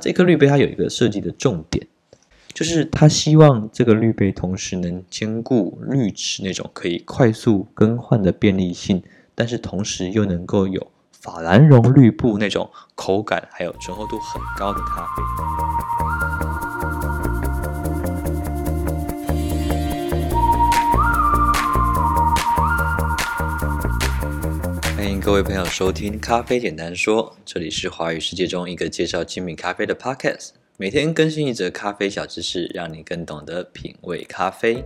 這顆濾杯它有一個設計的重點，就是它希望這個濾杯同時能兼顧濾紙那種可以快速更換的便利性，但是同時又能夠有法蘭絨濾布那種口感，還有醇厚度很高的咖啡。各位朋友，收聽《咖啡簡單說》，這裡是華語世界中一個介紹精品咖啡的 podcast，每天更新一則咖啡小知識，讓你更懂得品味咖啡。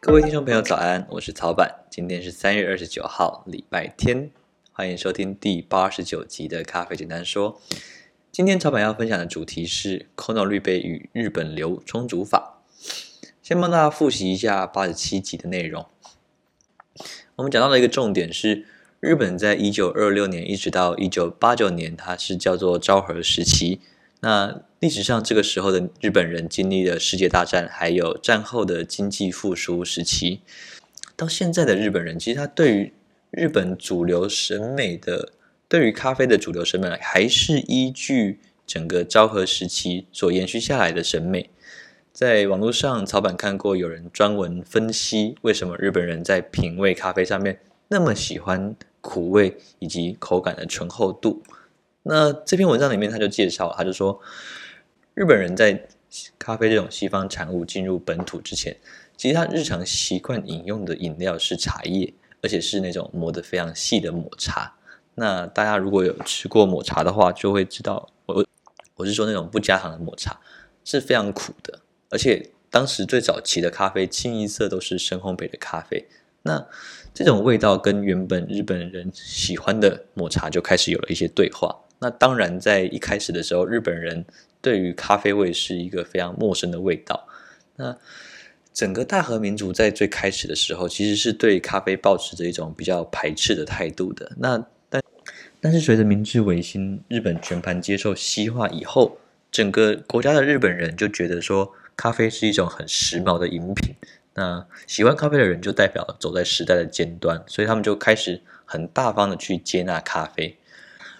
各位聽眾朋友，早安，我是曹板，今天是三月二十九號，禮拜天，歡迎收聽第八十九集的《咖啡簡單說》。今天早晚要分享的主題是 Kono 濾杯與日本流沖煮法。先幫大家複習一下八十七集的內容。我們講到了一個重點是，日本在一九二六年一直到一九八九年，它是叫做昭和時期。那歷史上這個時候的日本人經歷了世界大戰，還有戰後的經濟復甦時期。到現在的日本人，其實他對於日本主流審美的。對於咖啡的主流審美來，還是依據整個昭和時期所延續下來的審美。在網絡上，草板看過有人專門分析為什麼日本人在品味咖啡上面那麼喜歡苦味以及口感的醇厚度。那這篇文章裡面他就介紹，他就說，日本人在咖啡這種西方產物進入本土之前，其實他日常習慣飲用的飲料是茶葉，而且是那種磨得非常細的抹茶。那大家如果有吃過抹茶的話，就會知道我，我是說那種不加糖的抹茶是非常苦的，而且當時最早期的咖啡清一色都是深烘焙的咖啡。那這種味道跟原本日本人喜歡的抹茶就開始有了一些對話。那當然，在一開始的時候，日本人對於咖啡味是一個非常陌生的味道。那整個大和民族在最開始的時候，其實是對咖啡抱持着一種比較排斥的態度的。那但是隨着明治維新，日本全盤接受西化以後，整個國家的日本人就覺得說，咖啡是一種很時髦的飲品。那喜歡咖啡的人就代表走在時代的尖端，所以他們就開始很大方的去接納咖啡。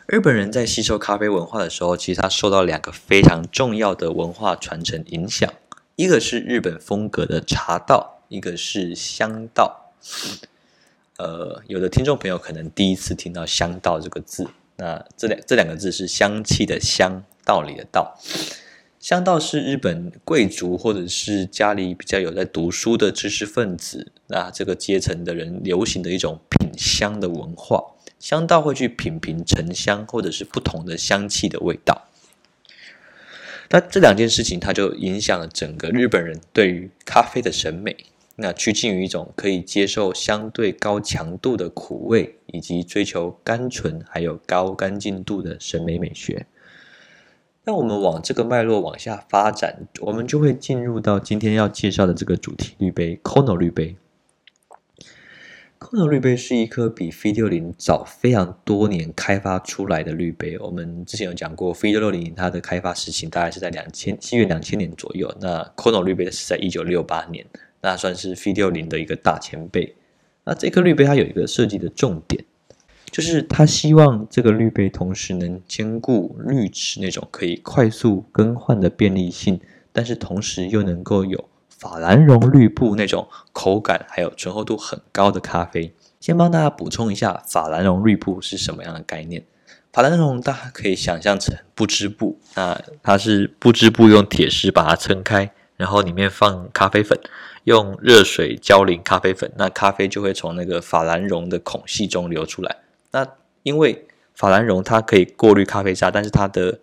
日本人在吸收咖啡文化的時候，其實他受到兩個非常重要的文化傳承影響，一個是日本風格的茶道，一個是香道。嗯呃，有的聽眾朋友可能第一次聽到“香道”這個字，那這兩這兩個字是“香氣”的“香”，道理的“道”。香道是日本貴族或者是家裡比較有在讀書的知識分子，那這個階層的人流行的一種品香的文化。香道會去品評沉香或者是不同的香氣的味道。那這兩件事情，它就影響了整個日本人對於咖啡的審美。那趨近於一種可以接受相對高強度的苦味，以及追求甘醇還有高乾淨度的審美美學。那我們往這個脈絡往下發展，我們就會進入到今天要介紹的這個主題：濾杯。Kono 濾杯，Kono 濾杯是一顆比 V 六零早非常多年開發出來的濾杯。我們之前有講過，V 六零它的開發時期大概是在兩千，約兩千年左右。那 Kono 濾杯是在一九六八年。那算是 V60 的一個大前輩。那這顆濾杯它有一個設計的重點，就是它希望這個濾杯同時能兼顧濾紙那種可以快速更換的便利性，但是同時又能夠有法蘭絨濾布那種口感，還有醇厚度很高的咖啡。先幫大家補充一下，法蘭絨濾布是什麼樣的概念？法蘭絨大家可以想象成不織布，那它是不織布用鐵絲把它撐開，然後裡面放咖啡粉，用熱水澆淋咖啡粉，那咖啡就會從那個法蘭絨的孔隙中流出來。那因為法蘭絨它可以過濾咖啡渣，但是它的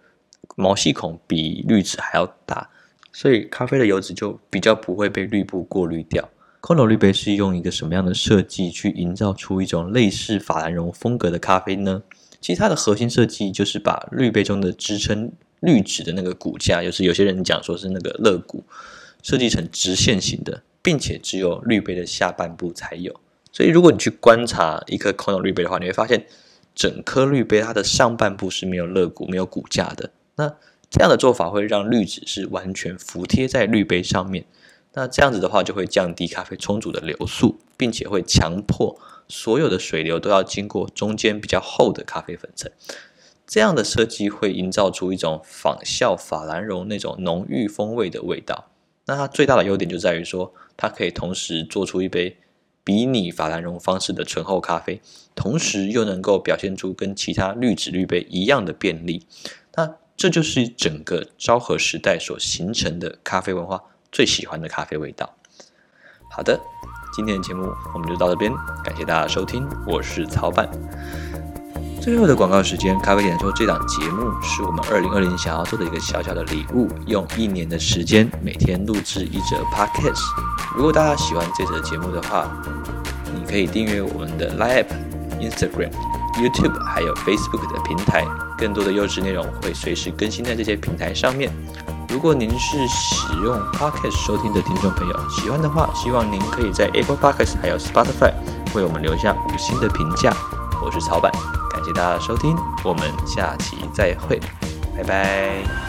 毛細孔比濾紙還要大，所以咖啡的油脂就比較不會被濾布過濾掉。Kono 濾杯是用一個什麼樣的設計去營造出一種類似法蘭絨風格的咖啡呢？其實它的核心設計就是把濾杯中的支撐濾紙的那個骨架，就是有些人講說是那個肋骨，設計成直線型的。並且只有濾杯的下半部才有，所以如果你去觀察一顆空的濾杯的話，你會發現整顆濾杯它的上半部是沒有肋骨、沒有骨架的。那這樣的做法會讓濾紙是完全服貼在濾杯上面。那這樣子的話，就會降低咖啡沖煮的流速，並且會強迫所有的水流都要經過中間比較厚的咖啡粉層。這樣的設計會營造出一種仿效法蘭絨那種濃郁風味的味道。那它最大的優點就在於說，它可以同時做出一杯比擬法蘭絨方式的醇厚咖啡，同時又能夠表現出跟其他濾紙濾杯一樣的便利。那這就是整個昭和時代所形成的咖啡文化最喜歡的咖啡味道。好的，今天的節目我們就到這邊，感謝大家收聽，我是曹范。最後的廣告時間，咖啡點說，這檔節目是我們二零二零想要做的一個小小的禮物，用一年的時間每天錄制一則 podcast。如果大家喜歡這則節目的話，你可以訂閱我們的 Line Instagram、YouTube 還有 Facebook 的平臺，更多的優質內容會隨時更新在這些平臺上面。如果您是使用 podcast 收聽的聽眾朋友，喜歡的話，希望您可以在 Apple Podcast 還有 Spotify 為我們留下五星的評價。我是曹板。感謝大家收聽，我們下期再會，拜拜。